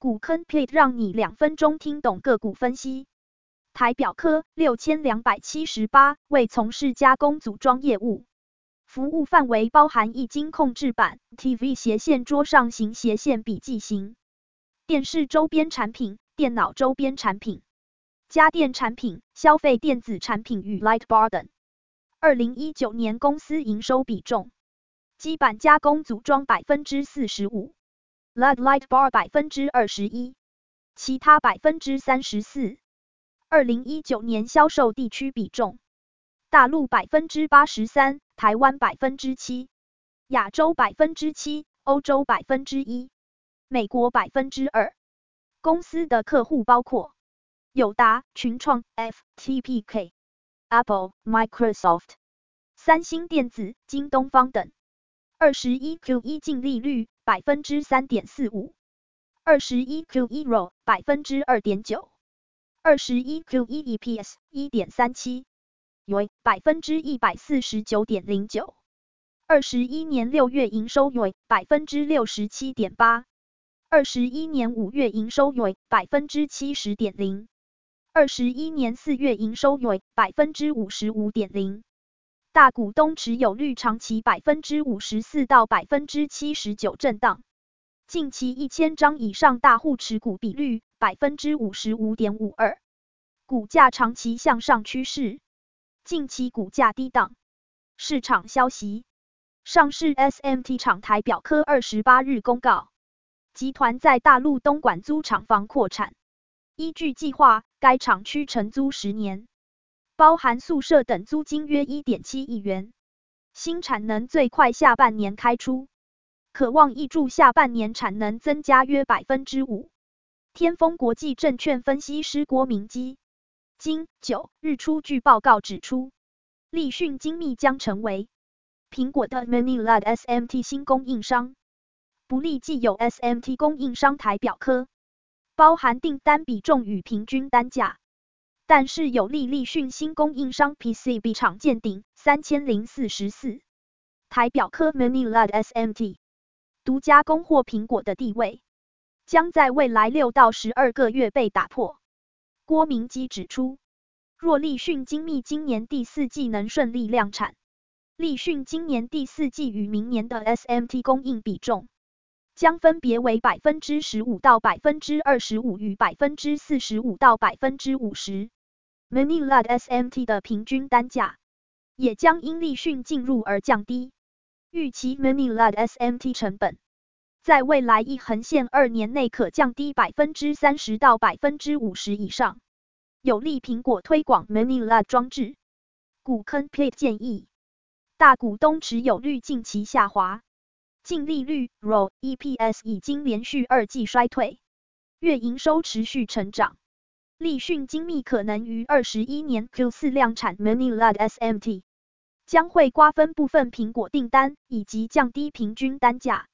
股坑 plate 讓你兩分鐘聽懂個股分析。台表科六千兩百七十八，為從事加工組裝業務，服務範圍包含液晶控制板、TV 斜線桌上型斜線筆記型電視周邊產品、電腦周邊產品、家電產品、消費電子產品與 light bar 等。二零一九年公司營收比重，基板加工組裝百分之四十五。LED Light Bar 百分之二十一，其他百分之三十四。二零一九年銷售地區比重：大陸百分之八十三，台灣百分之七，亞洲百分之七，歐洲百分之一，美國百分之二。公司的客戶包括友達、群創、F T P K、Apple、Microsoft、三星電子、京東方等。二十一 Q 一淨利率百分之三點四五，二十一 Q 一 ROE 百分之二點九，二十一 Q 一 EPS 一點三七，YoY 百分之一百四十九點零九，二十一年六月營收為 YoY 百分之六十七點八，二十一年五月營收為 YoY 百分之七十點零，二十一年四月營收為 YoY 百分之五十五點零。大股東持有率長期百分之五十四到百分之七十九震盪，近期一千張以上大戶持股比率百分之五十五點五二，股價長期向上趨勢，近期股價低檔。市場消息：上市 SMT 廠台表科二十八日公告，集團在大陸東莞租廠房擴產，依據計劃，該廠區承租十年。包含宿舍等租金約一點七億元，新產能最快下半年開出，可望挹注下半年產能增加約百分之五。天風國際證券分析師郭明基今九日出具報告指出，立訊精密將成為蘋果的 Mini LED SMT 新供應商，不利既有 SMT 供應商台表科，包含訂單比重與平均單價。但是有利立訊新供應商 PCB 廠健鼎三千零四十四。台表科 Mini LED SMT 獨家供貨蘋果的地位，將在未來六到十二個月被打破。郭明錤指出，若立訊精密今年第四季能順利量產，立訊今年第四季與明年的 SMT 供應比重，將分別為百分之十五到百分之二十五與百分之四十五到百分之五十。Mini LED SMT 的平均單價也將因立訊進入而降低。預期 Mini LED SMT 成本在未來一橫線二年內可降低百分之三十到百分之五十以上，有利蘋果推廣 Mini LED 裝置。股坑 p e i d 建議：大股東持有率近期下滑，淨利率 ROE、EPS 已經連續二季衰退，月營收持續成長。立訊精密可能於二十一年 Q4 量產 Mini LED SMT，將會瓜分部分蘋果訂單，以及降低平均單價。